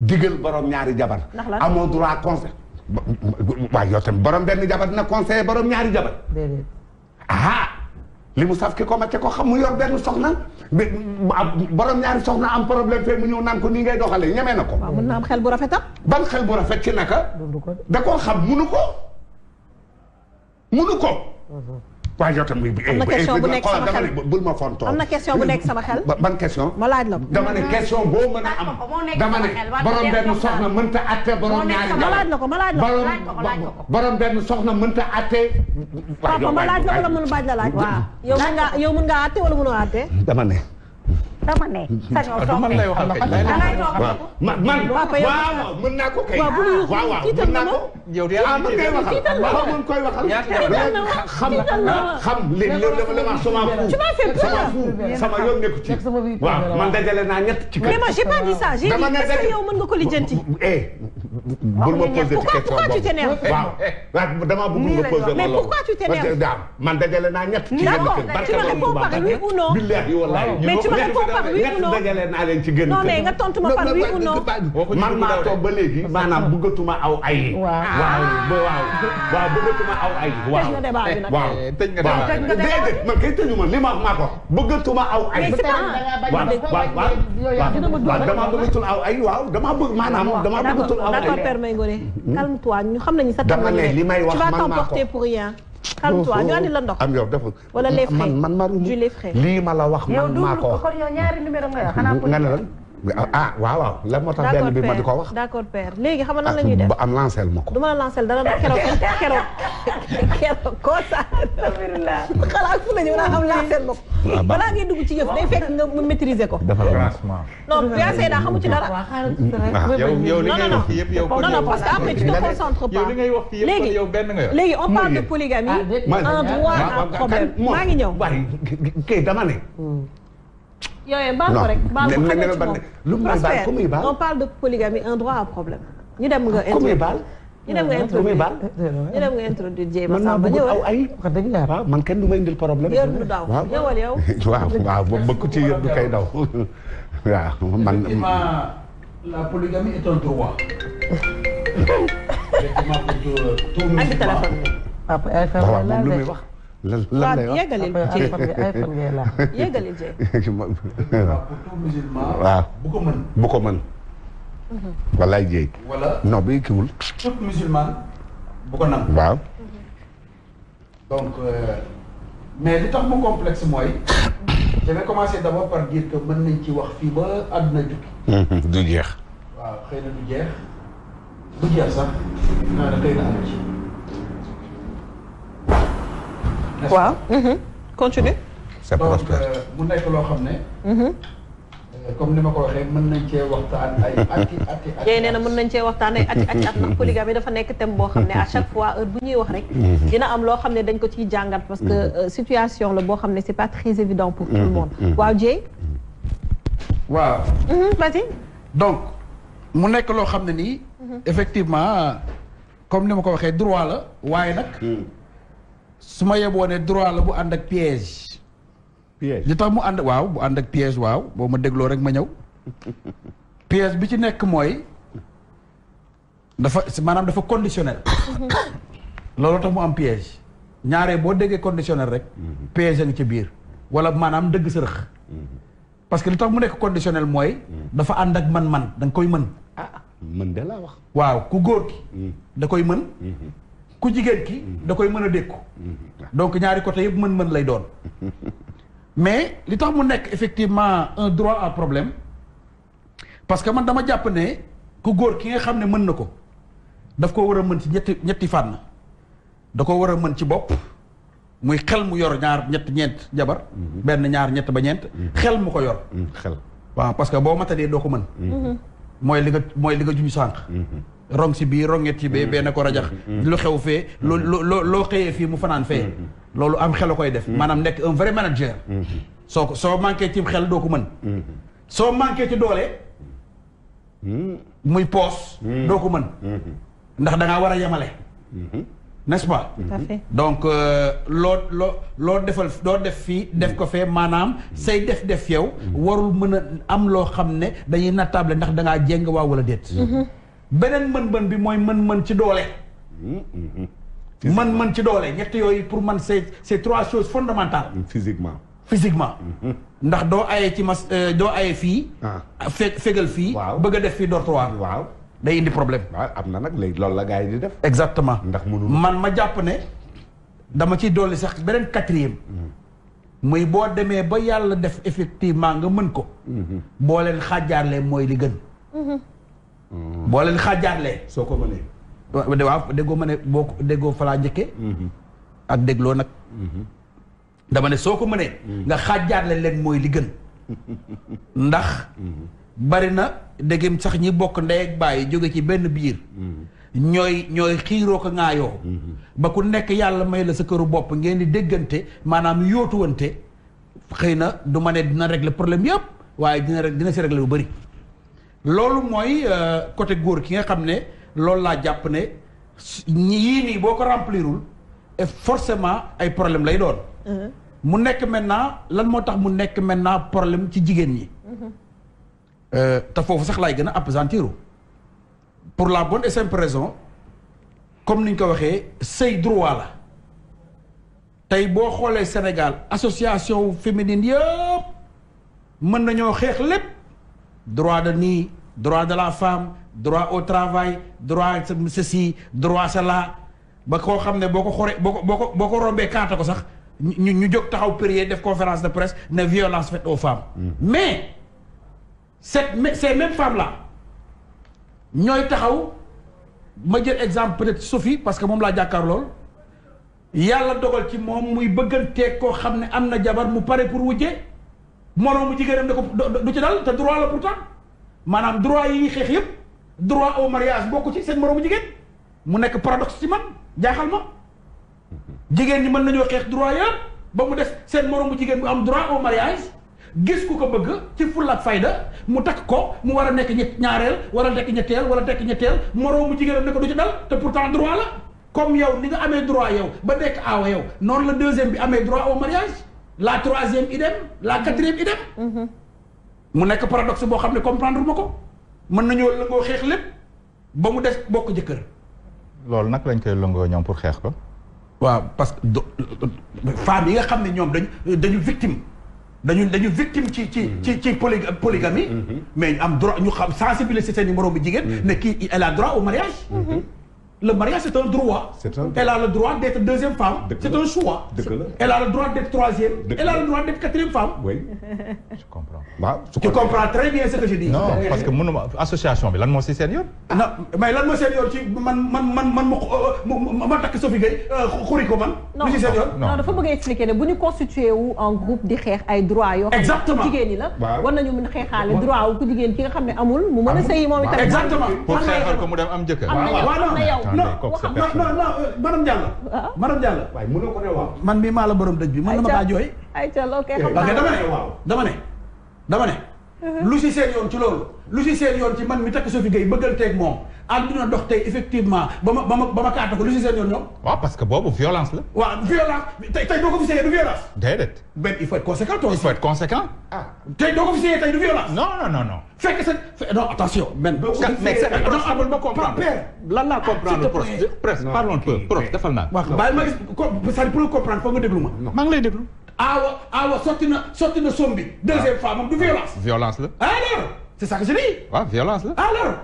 digal borom ñaari jabar. amoo droit conseil. waaye yow tamit borom benn jabar dina conseiller borom ñaari jabar. déedéet. ah li mu saf ki ko ma te ko xam mu yor benn soxna borom ñaari soxna am problème fee mu ñëw naan ko nii ngay doxalee ñeme na ko. waaw mën na am xel bu rafetam. ban xel bu rafet ci naka. da koo xam munu ko. munu ko. Mhm. waaye yow tam am na eh, question eh, bu nekk sama xel bul ma fontoo am na question bu nekk sama xel. ban question. ma laaj la ko dama ne question boo mën a am. dama ne borom benn soxna mënta atte borom ñaari jabar. ma laaj la ko ma laaj la ko borom benn soxna mënta atte. waaw yow ma laaj la ko la mën baaj la laaj. waaw yow mën ngaa yow mën ngaa atte wala mënoo atte. dama ne. dama ne. sañoo toog man lay waxal kay da ngay toog man man waaw mën naa ko kay. waaw waaw mën naa ko. yow de yaa ngi koy waxal waaw mën koy waxal. xam xam léegi loolu dama dama sama fu. sama fu sama yoon nekku ci. waaw man dajale naa ñett ci kër. mais moi j'ai pas dit ça j'ai dit est-ce que yow mën nga ko lijjanti. bul ma posé ci question boobu waaw eh, waaw damaa bëgg nga posé ma loolu parce que daam man dajale naa ñett ci génn kër barke borom Tuubaa billaahi wallaahi mais tu me réponds par oui ou non dajale naa leen ci génn kër non mais nga tontu ma par oui ou non man maa toog ba léegi maanaam bëggatuma aw ay waaw waaw waaw bëggatuma aw ay waaw waaw eh, déedéet man kay tëju ma li ma maa ko bëggatuma aw ay waaw waaw waaw damaa bëggatul aw ay waaw damaa bëgg maanaam damaa bëggatul aw d'accord Père Mbaye Ngoné hmm? calme-toi ñu xam nañu sa dama ne li may wax man maa ko tu vas t'emporter pour rien calme-toi ñu andi la ndox am yow dafa wala les frais man man lii ma la wax man maa ko wax yow ñaari numéro nga yor xanaa nga ne lan ah waaw ah, waaw lan moo tax benn bi ma di ko wax. d'accord père léegi xam nga nan ah, la ñuy def ba am lancel ma ko. du ma la lancel dara nag keroog keroog keroog koo saa. alhamdulilah xalaat fu nañu naa am lancel ma ko. Ah, balaa ngay dugg ci yëf day fekk nga maîtriser ko. dafa franchement. non bien c'est daa xamu ci dara. yow yow li ngay wax fii yëpp yow. non non parce que après tu te concentres pas. yow li ngay wax fii yëpp yow benn nga yor. léegi on parle de polygamie. en droit à problème maa ngi ñëw. kay dama ne. Hmm. yooyu baal ko rek baal ko xajal ci moom lu may baal ku muy baal on parle de polygamie un droit à problème. ñu dem nga ah, introduire ku muy baal. ñu dem nga introduire ñu dem nga introduire Dieye Massamba ñëwal man ay wax dëgg yàlla waaw man kenn du may indil problème. yër du daw ñëwal yow. waaw waaw ba bëgg ci yër du kay daw. waaw man. la polygamie est un droit. effectivement pour tout. ak téléphone bi. papa RFM la wax. lan lan lay wax yeggalil waaw bu ko mën bu ko mën. walaay jéeg. wala non bi kiwul. bu ko donc euh, mais li tax mu complexe mooy. je vais commencer d'abord par dire que mën nañ ci wax fii ba àdduna jukki. Mm-hmm. waaw mhm. continue c'est prospère donc euh, mu nekk loo xam ne. Mhm. Euh, comme ni ma ko waxee mën nañ cee waxtaan ay at. yéen nee na mën nañ cee waxtaan ay ati ati at ndax polygamie dafa nekk thème boo xam ne à chaque fois heure bu ñuy wax rek. Mhm. dina am loo xam ne dañ ko ciy jàngat. parce que euh, situation la boo xam ne c'est pas très évident pour tout le monde. waaw Dieng. waaw. Mati. donc mu nekk loo xam ne nii. effectivement comme ni ma ko waxee droit la waaye nag. su ma yeboo ne droit la bu ànd ak piège. piège li tax mu ànd waaw bu ànd ak piège waaw boo ma dégloo rek ma ñëw. piège bi ci nekk mooy dafa maanaam dafa conditionnel. loolu tax mu am piège. ñaaree boo déggee conditionnel rek. Mm-hmm. piège a ngi ca biir. wala maanaam dëgg sërëx mm-hmm. parce que li tax mu nekk conditionnel mooy. Mm-hmm. dafa ànd ak man-man danga koy mën. ah mën wax. waaw ku góor ki. da koy mën. ku jigéen ki mm-hmm. da koy mën a dékku mm-hmm. donc ñaari côté yëpp mën-mën lay doon mais li tax mu nekk effectivement un droit à problème parce que man dama jàpp ne ku góor ki nga xam ne mën na ko daf koo war a mën ci ñetti ñetti fànn da ko war a mën ci bopp muy xel mu yor ñaar ñett ñeent jabar mm-hmm. benn ñaar ñett ba ñeent xel mu ko yor xel waaw parce que boo matadee doo ko mën mooy li nga mooy li nga juñu sànq rong si bii ronget ci bee bee ko rajax lu xew fee loo loo xëyee fii mu fanaan fee loolu am xel koy def maanaam nekk un vrai manager soo ko soo manqué ci xel doo ko mën soo manqué ci doole muy poos doo ko mën ndax da war a yemale n'est-ce pas donc euh, loo loo defal doo def fii def ko fee maanaam say def def yow warul mën a am loo xam ne dañuy nattable ndax da ngaa jéng waaw wala déet mhm. beneen mën-mën bi mooy mën-mën ci doole. Mm-hmm. mën-mën ci doole ñett yooyu pour man c'est c'est trois choses fondamentales. physiquement. physiquement. Mm-hmm. ndax doo aye ci mas euh, doo aye fii. Ah. fe fegal fii. bëgg a def fii dortoir. waaw day indi problème. waaw am na nag léegi loolu la gars yi di def. exactement ndax mënul man ma jàpp ne dama ci doole sax beneen quatrième. Mm-hmm. muy boo demee ba yàlla def effectivement nga mën ko. boo leen xaajaarlee mooy li gën. boo leen xaajaatlee soo ko mënee. waaw déggoo ma ne boo ko déggoo falaa njëkke mhm. ak dégloo nag. Mhm. dama ne soo ko mënee. Mhm. nga xaajaatle leen mooy li gën. ndax. bari na déggem sax ñi bokk ndey ak bàyyi jóge ci benn biir. ñooy ñooy xiiroo ko ŋaayoo. ba ku nekk yàlla may la sa këru bopp ngeen di déggante maanaam yóotuwante xëy na du ma ne dina régler problème yëpp waaye dina dina si régler lu bari loolu mooy euh, côté góor ki nga xam ne loolu laa jàpp ne yii nii boo ko remplirul et forcément ay problème lay doon mhm. mu nekk maintenant lan moo tax mu nekk maintenant problème ci jigéen ñi mhm. euh, te foofu sax laay gën a appesantiru pour la bonne et simple raison comme ni ko waxee sëy droit la tey boo xoolee Sénégal association féminine yëpp mën nañoo xeex lépp droit de nii droit de la femme droit au travail droit ceci droit cela ba koo xam ne boo ko xore boo ko boo ko boo ko rombee kaata ko sax ñu ñu jóg taxaw prier def conférence de presse ne violence faite aux femmes mm. mais cette ces mêmes femmes la ñooy taxaw ma jël exemple peut-être Sophie parce que moom laa jàkkaar lool yàlla dogal ci moom muy bëgganteeg koo xam ne am na jabar mu pare pour wujje moroomu jigéenam ne ko du ci dal te droit la pourtant maanaam droit yi ñuy xeex yëpp droit au mariage bokku ci seen moroomu jigéen mu nekk paradoxe ci man jaaxal ma jigéen ñi mën nañoo xeex droit ya ba mu def seen moroomu jigéen bu am droit o mariage gis ku ko bëgg ci fulla ak fayda mu takk ko mu war a nekk ñett ñaareel wala nekk ñetteel wala nekk ñetteel moroomu jigéenam ne ko du ci dal te pourtant droit la comme yow ni nga amee droit yow ba nekk aawa yow noonu la deuxième bi amee droit au mariage la troisième idem la quatrième idem mm-hmm. mu nekk paradoxe boo xam ne comprendre ma ko mën nañoo lëngoo xeex lépp ba mu des bokk jëkkër. loolu nag lañ koy lëngoo ñoom pour xeex ko. waaw parce que do femmes yi nga xam ne ñoom dañu dañu victime dañu dañu victime ci ci ci ci poly polygamie mm-hmm. mais ñu am droit ñu xam sensibiliser seen i moroom bu jigéen. Mm-hmm. ne kii elle la droit au mariage. Mm-hmm. le mariage c'est un droit. c'est un droit. elle a le droit d'être deuxième femme. c'est un choix. elle a le droit d'être troisième. elle a le droit d'être quatrième femme. oui je comprends. waaw tu comprends très bien ce que je dis. non parce que mënuma association bi lan moo si seen yoon. non mais lan moo seen yoon ci man man man man ma ma takk Sophie Gueye xuri euh, ko man. lu si seen yoon non dafa bëgg expliquer ne bu ñu constitué wu en groupe di xeex ay droits yoo. exactement xam ne jigéen ñi la. waaw war nañu mën a xeexaale droit wu ku jigéen ki nga xam ne amul. mu mën a sëyi moom itam. exactement pour xeexal ko mu dem am jëkkër. am na yow attendez kooku c'est personne non non euh, madame Diallo. waaw ah. madame Diallo. waaye mënoo ko ne waaw. man mii maa la borom dëj bi mën na ma kaa jooy. ayca eh, ayca dama ne dama ne dama ne. lu yoon ci loolu lu si seen yoon ci man mi takk Sophie Gueye bëggal teeg moom àdduna dox tey effectivement ba ma ba ma ko lu si yoon parce que boobu violence la waaw violence tey tey doo ko fi séyee du violence déedéet mais il faut être conséquent toi il faut être conséquent tey doo fi séyee tey du violence non non non fekk sa non attention man non abon ba comprendre père lan laa comprendre prof ma c'est pour comprendre aawa aawa sotti na sotti na sombi deuxième ah. fois moom du violence. violence la. alors c'est ça que je dis. waaw violence la. alors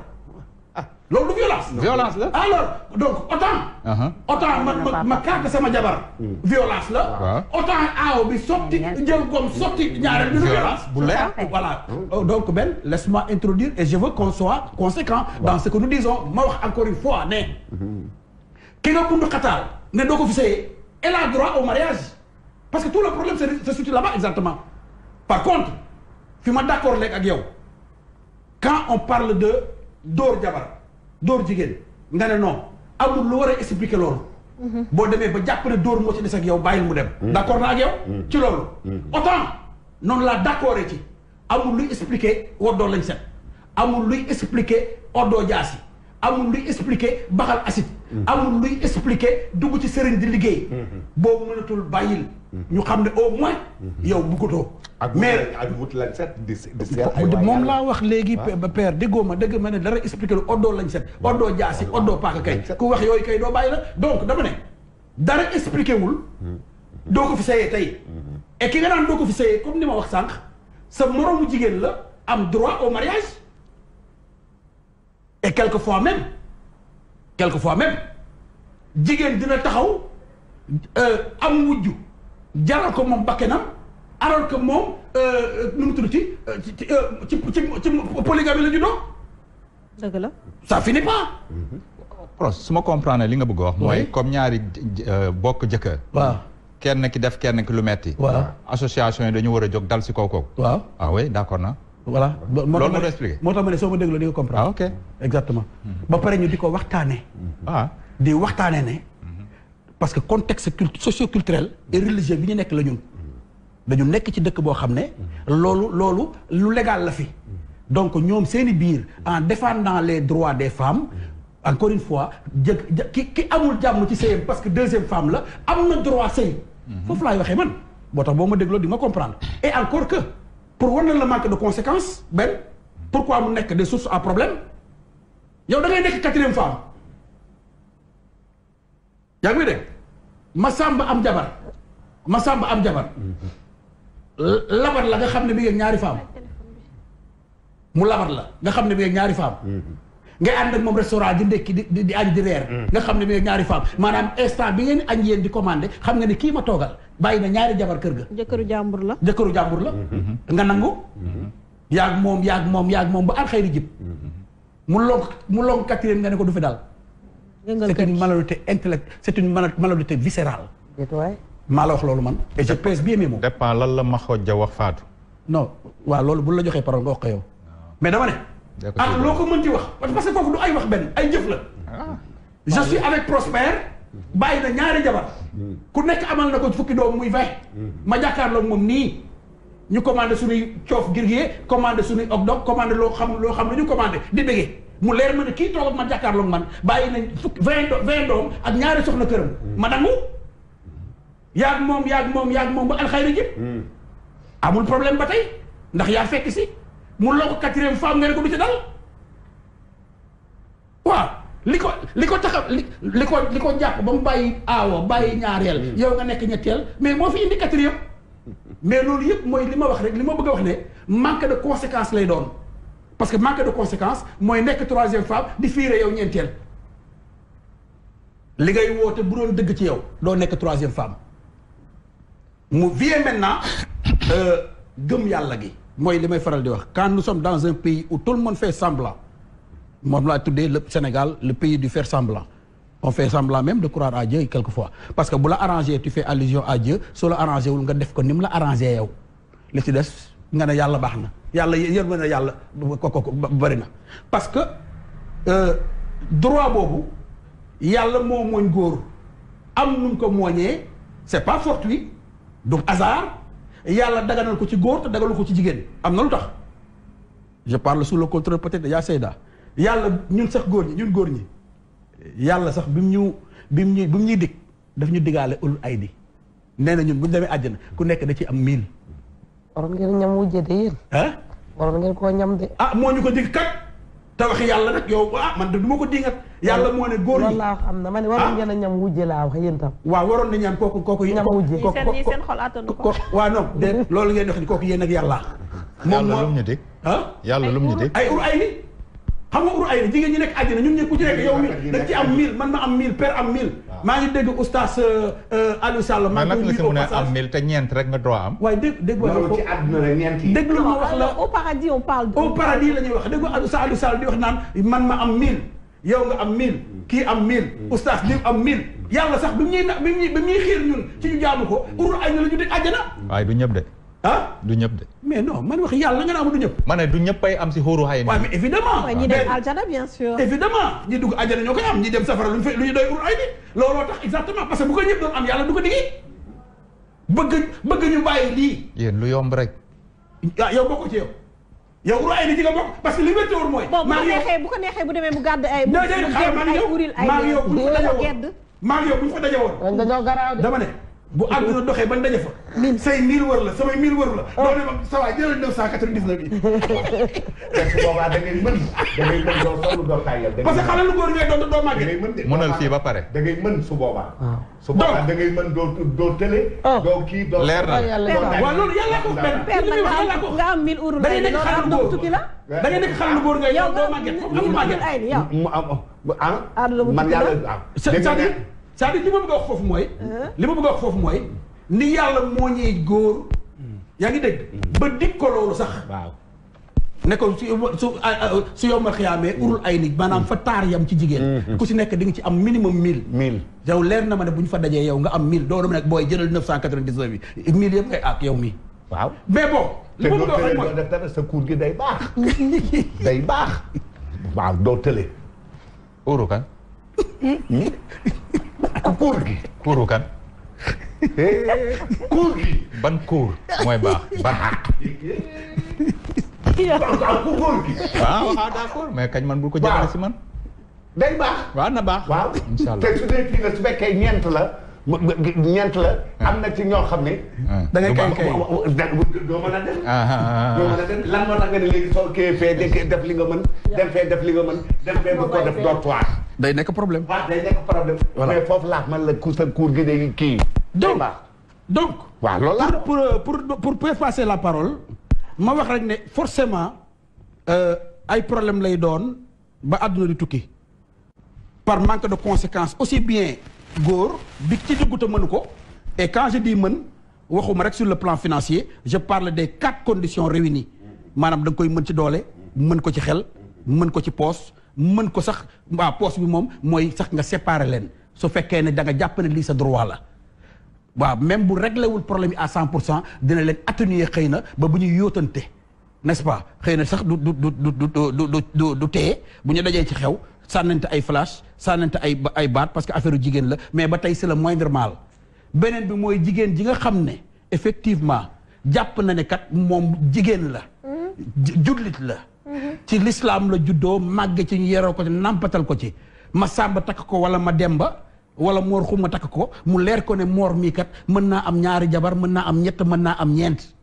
ah. donc autant. Uh-huh. autant ma ma ma sama jabar. Hmm. violence la. waaw autant bi sotti jël goom sotti ñaareel bi. violence bu oh, donc Ben laisse introduire et je veux qu'on conséquent. dans ce que nous disons ma wax encore une fois ne. ki nga bundu xataal ne doo ko fi sëyee elle a droit au mariage. parce que tout le problème se situe là exactement par contre fi ma d'accord léegi ak yow quand on parle de dóor jabar dóor jigéen nga ne non amul lu war a expliquer loolu mhm. boo demee ba jàpp ne dóor moo ci des ak yow bàyyil mu dem mhm. d'accord na ak yow mhm. ci loolu autant noonu laa d'accord ci amul luy expliquer war doo lañ set amul luy expliquer ordoo jaas amul luy expliquer baxal acide. amul luy expliquer dugg ci sëriñ di liggéey. boo mënatul bàyyil. ñu xam ne au moins. yow bëggatoo. ak mais moom laa wax léegi ah. père déggoo ma dëgg ma ne dara expliquer lu oddoo lañ set. Ah. oddoo jaasi ah. oddoo paaka kay. ku wax yooyu kay doo bàyyi la donc dama ne. dara expliqué wul. Hmm. doo ko fi sayee tey. Hmm. et ki nga naan doo ko fi sayee comme ni ma wax sànq. sa moroomu jigéen la am droit au mariage. et quelquefois même quelquefois jigéen dina taxaw euh, am wujj jaral ko moom bakkenam alors que moom euh, nu mu euh, ci ci ci ci polygamie la juddoo. la. ça finit pas. su ma comprendre li nga bëgg wax. mooy comme ñaari bokk jëkkër. waa kenn ki def kenn ki lu metti. waaw association yi dañu war a jóg dal si kaw kaw. waaw ah oui d'accord na. voilà moo tax ma ne soo ma dégloo di nga comprendre. ah ok exactement. ba pare ñu di ko waxtaanee. Mm-hmm. ah di waxtaanee ne. parce que contexte cult socioculturel et religieux bi ñu nekk la ñun. dañu nekk ci dëkk boo xam ne. loolu loolu lu légal la fi. donc ñoom seeni biir en défendant les droits des femmes. encore une fois jë ki ki amul jàmm ci sëyam parce que deuxième femme la am na droit sëy. Mm-hmm. foofu laay waxee man boo tax boo ma dégloo di ma comprendre et encore que. pour war na la manque de conséquence benn pourquoi mu nekk de sources à problème yow da ngay nekk quatrième femme yaa ngi dégg Masamba am jabar Masamba am jabar mm-hmm. labat la nga xam ne bi ngeen ñaari femme mu labat la nga xam ne bi ngeen ñaari femme mm-hmm. ngay ànd ak moom restaurant di ndekki di di añ mm. nga xam ne bi ñaari femme mm. maanaam instant bi ngeen añ yéen di commandé xam nga ne kii ma toogal bàyyi na ñaari jabar kër ga jëkkëru jàmbur la jëkkëru jàmbur la mm-hmm. Mm-hmm. nga nangu mm-hmm. yaag moom yaag moom yaag moom ba alxayri jib mu lonk mu lonk quatrième nga ne ko du fi daal c'est une malhonnêteté intellectuelle c'est une malhonnêteté viscérale maa la wax loolu man et je pèse bien mes mots dépend lan la wax faatu non waaw loolu bu la joxee parole nga wax ko yow dama ne ak ah, loo ko mënti wax parce que kooku du ay wax benn ay jëf la ah. je suis avec Prosper bàyyi na ñaari jabar mm. ku nekk amal na ko fukki doom muy vingt mm. ma jàkkaarloog moom nii ñu commandé suñuy coof girgee commandé suñuy og dog commandé loo xam loo xam ne ñu commandé di bëggee mu leer ma ne kii toog ma man jàkkaarloog man bàyyi nañ fukki vingt vingt doom ak ñaari soxna këram mm. ma nangu yaag moom yaag moom yaag moom ba alxayri amul problème ba tey ndax yaa fekk si mu loo ko quatrième femme nga ne ko du ci dal waaw li ko li ko tax li li ko li ko jàpp ba mu bàyyi aawo bàyyi ñaareel. yow nga nekk ñetteel mais moo fi indi quatrième. mais loolu yëpp mooy li ma wax rek li ma bëgg a wax ne manque de conséquence lay doon parce que manque de conséquence mooy nekk troisième femme di fiire yow ñeenteel. li ngay woote bu doon dëgg ci yow doo nekk troisième femme mu vie maintenant euh, gëm yàlla gi. mooy li may faral di wax quand nous sommes dans un pays où tout le monde fait semblant moom laa tuddee le Sénégal le pays du faire semblant on fait semblant même de croire à Dieu quelquefois parce que bu la arrangé tu fais allusion à soo la arrangé wul nga def ko ni mu la arrangé yow li ci des nga ne yàlla baax na yàlla yërmande na yàlla kooku bari na parce que euh, droit boobu yàlla moo mooñ góor am nuñ ko mooñee c'est pas fortuit donc hasard yàlla daganal ko ci góor te dagalu ko ci jigéen am na lu tax je parle sous le contrôle peut-être de yaa Seyda yàlla ñun sax góor ñi ñun góor ñi yàlla sax bi mu ñu bi mu ñuy bi ñuy dig daf ñu digaale ulul ay di nee na ñun bu ñu demee àjjana ku nekk da ci am miin waroon ngeen ñam wujje de yéen. ah waroon koo ñam de. ah moo ñu ko dig kat. te waxi yàlla nag yow ah man du ma ko dingat yàlla moo ne góor ñi laa xam na ma ne waroon ngeen a ñam wujje laa wax yéen tam waaw waroon na ñam kooku kooku ñam wujje seen xol attanu ko waaw non de loolu ngeen wax ni kooku yéen yàlla moom yàlla ah? yàlla lum ñu dégg ay ur ay ni xam nga ur ay ni jigéen ñi nekk àjjana ñun ñëpp ci nekk yow mi da ci am mille man ma am mille père am mille maa ngi dégg oustaz euh, euh, Aliou Sall. maa ngi koy mën a am mil te ñeent rek nga droit am. waaye dégg dégg loolu ci rek ñeent yi. dégg lu wax la au paradis on parle au paradis la ñuy wax dégg oustaz Aliou Sall di wax naan man ma am mil yow nga am mil kii am mil mm. oustaz li am mil yàlla sax bi mu ñuy na bi xiir ñun ci ñu ko urul ay na la ñu di àjjana. waaye du ñëpp de. ah du ñëpp de. mais non man wax yàlla la naa am du ñëpp. ma du ñëpp ay am si xóoru xay. waaw mais évidemment ñi dem aljana bien sûr. ñu fay lu ñu doy ñëpp doon am yàlla du ko digi bëgg bëgg ñu bàyyi lii. yomb rek. Ah, yow bokk ci yow. yow que li wér te wóor mooy. maa ngi bu ko neexee bu demee mu gàdd ay. déedéet xaaral maa ngi yow maa ngi yow bu fa daje woon. dama ne bu àdduna doxee ban daje fa. say 1000 wër la samay 1000 wër la. Oh. doo ne ma ça va jëlal 999 yi. su boobaa da ngay mën da ngay mën doo soxla doo taayal. parce que xale lu góor ngay doon doo màggee. da ngay mën de mënal fii ba pare. da ngay mën su boobaa. Ah. su boobaa da ngay mën doo doo tële. Oh. doo kii doo. leer na waaw loolu yàlla ko benn. perte nga am 1000 wër la da ngay nekk xale lu góor tukki la. da ngay nekk xale lu góor ngay doon doo màggee. yow nga am 1000 ay yow. mu am ah, ah. man yàlla ah. c'est-à-dire li ma bëgg a mooy. Uh-huh. li ma bëgg a mooy. ni yàlla moo ñee góor. yaa ngi dégg. Mm. ba dig ko loolu sax. waaw ne ko su su su yow ma xiyaamee urul ay nit maanaam mm. fa taar yam ci jigéen. Mm-hmm. ku si nekk di nga ci am minimum mille. mille yow leer na ma ne bu ñu fa dajee yow nga am mille doo dem booy jëlal neuf cent quatre-vingt-dix-neuf bi mille ak yow mii. mais bon. li ma bëgg a mooy sa cours gi day baax. day baax. waaw doo tële. kuur gi. kuuru kan. ban kuur mooy baax ban. kuur gi. waaw ah d'accord mais kañ man bul ko jàppale si man. day baax. waaw na baax. waaw te su dee kii la su fekkee ñeent ñeent ah. am na ci ñoo xam ne. Ah. da ngay kay kay doo mën a dem. Ah, doo mën a dem lan moo tax nga ne léegi soo kee fee def li nga mën. dem fee def li nga mën. dem fee bu day nekk problème. waaw day nekk problème. voilà foofu laax man la ku sa kuur gi day kii. donc donc. waaw loolu la pour pour pour pour la parole. ma wax rek ne forcément euh, ay problème lay doon ba àdduna di tukki. par manque de conséquence aussi bien góor bi ci dugg te mënu ko. et quand je dis mën waxuma rek sur le plan financier je parle des quatre conditions réunies maanaam da nga koy mën ci doole mën ko ci xel mën ko ci poos mën ko sax waa poste bi moom mooy sax nga séparer leen su fekkee ne da nga jàpp ne lii sa droit la waaw même bu réglé wul problème yi à cent pour cent dina leen atténuer xëy na ba bu ñuy yóotante n'est-ce pas xëy na sax du du du du du du du téye bu ñu dajee ci xew sànnante ay flash sànnante ay ay baat parce que affaire jigéen la mais ba tey c'est le moindre mal beneen bi mooy jigéen ji nga xam ne effectivement jàpp na ne kat moom jigéen la jullit la mm-hmm. ci lislaam la juddoo màgg ci ñu yeroo ko ci nàmpatal ko ci ma sàmba takk ko wala ma demba wala moor xuma takk ko mu leer ko ne moor mii kat mën naa am ñaari jabar mën naa am ñett mën naa am ñeent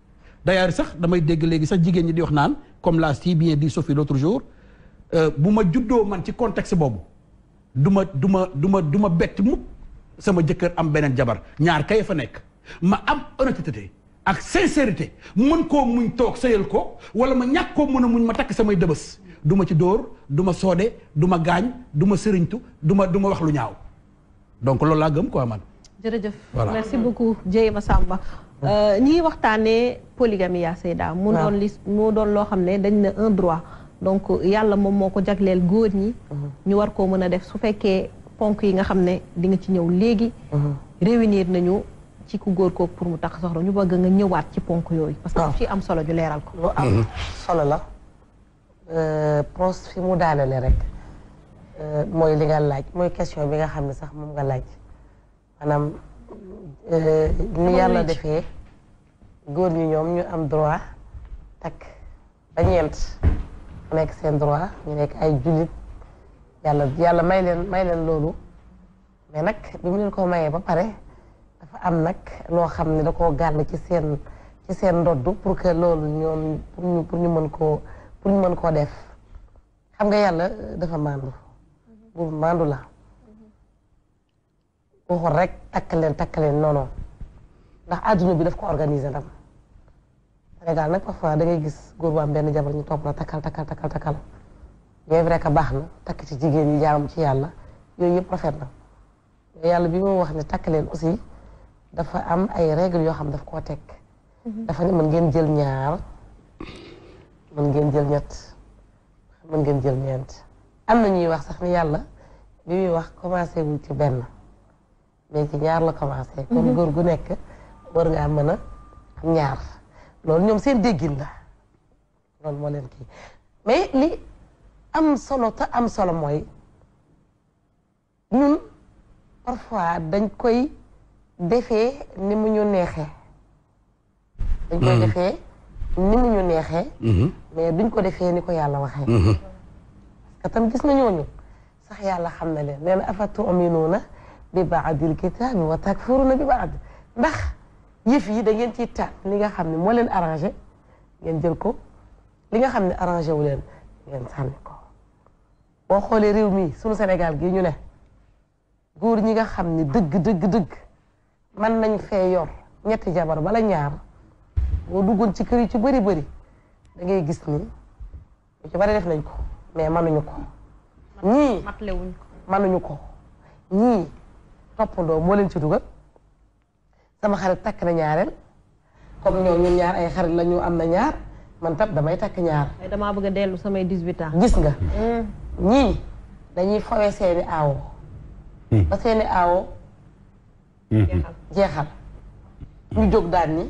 d'ailleurs sax damay dégg léegi sax jigéen ñi di wax naan comme l'a si bien dit Sophie l'autre jour euh, bu ma juddoo man ci contexte boobu du ma du ma du du ma bett mukk sama jëkkër am beneen jabar ñaar kay fa nekk ma am honnêteté ak sincérité mën koo muñ toog sëyal ko wala ma ñàkk koo mën a muñ ma takk samay dëbës duma ci dóor du ma soode du ma gaañ du ma sëriñtu du duma du wax lu ñaaw donc loolu laa gëm ko man. jërëjëf voilà merci beaucoup Dieye Massamba. Euh, ñi ngi waxtaanee polygamie yaa Seyda. mu doon list mu doon loo xam ne dañ ne un droit. donc yàlla moom moo ko jagleel góor ñi. Mhm. ñu war koo mën a def su fekkee ponk yi nga xam ne di nga ci ñëw léegi. Mhm. réunir nañu. ci ku góor kooku pour mu tax soxla ñu bëgg nga ñëwaat ci ponk yooyu. parce que ah. ci am solo ñu leeral ko. lu am mhm. solo la. Euh, pros fi mu daanale rek euh, mooy li nga laaj mooy question bi nga xam ne sax moom nga laaj maanaam euh, ni yàlla defee góor ñi ñoom ñu am droit takk ba ñeent mu nekk seen droit ñu nekk ay jullit yàlla yàlla may leen may leen loolu mais nag bi mu leen ko mayee ba pare dafa am nag loo xam ne da koo gàll ci seen ci seen ndodd pour que loolu ñoom pour ñu mën koo mën koo def xam nga yàlla dafa maandu bu màndu la waxul rek takk leen takk leen non non ndax adduna bi daf ko organiser ndam Sénégal nag parfois da ngay gis góor bu am benn jabar ñu topp la takkal takkal takkal takkal bien vrai que baax na takk ci jigéen ñi jaaram ci yàlla yooyu yëpp rafet na yàlla bi moo wax ne takk aussi dafa am ay règles yoo xam daf koo teg mhm. dafa ne mën ngeen jël ñaar mën ngeen jël ñett mën ngeen jël ñeent am na ñuy wax sax ni yàlla bi muy wax commencé wul ci benn mais ci ñaar la commencé mhm. kon góor gu nekk war ngaa mën a ñaar loolu ñoom seen déggin la loolu moo leen kii mais li am solo te am solo mooy ñun parfois dañ koy defee ni mu ñu neexee. dañ koy hmm. ni mu neexee. Hmm. mais duñ ko defee ni ko yàlla waxee. Hmm. parce tam gis na ñooñu sax yàlla xam na leen nee na afatuminuuna bi baadil kitaabi wa na bi baad ndax yëf yi da ngeen ciy taat li nga xam ne moo leen arrangé ngeen jël ko li nga xam ne arrangé wu leen ngeen sànni ko boo xoolee réew mi sunu Sénégal gi ñu ne góor ñi nga xam ne dëgg dëgg dëgg. man nañ fee yor ñetti jabar bala ñaar boo duggoon ci kër yi ci bëri bëri dangay gis ni lu ci bari def nañ ko mais manuñu ko ñii manuñu ko ñii toppandoo moo leen ci dugal sama xarit takk na ñaareel comme ñoom ñun ñaar ay xarit lañu am na ñaar man tam damay takk ñaar damaa bëgg a dellu samay 18 ans gis nga mm. ñii dañuy fawee seeni aawo mm. ba seeni aawo jeexal ñu jóg daal ni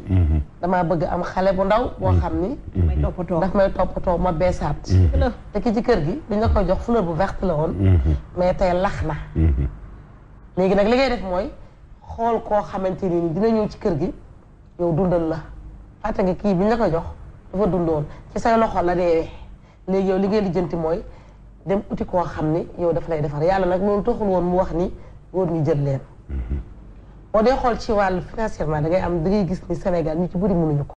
damaa bëgg am xale bu ndaw boo xam ni daf may toppatoo ma beesaat te ki ci kër gi li nga ko jox fleur bu verte la woon mais tey lax na léegi nag li ngay def mooy xool koo xamante ni dina ñëw ci kër gi yow dundal la fàtte nga kii bi ñu la koy jox dafa dundoon ci say loxo la deewee léegi yow li ngay lijjanti mooy dem uti koo xam ni yow dafa lay defar yàlla nag loolu taxul woon mu wax ni góor ñi jël leen boo dee xool ci wàllu financièrement da ngay am da ngay gis ni Sénégal ñu ci bëri mënuñu ko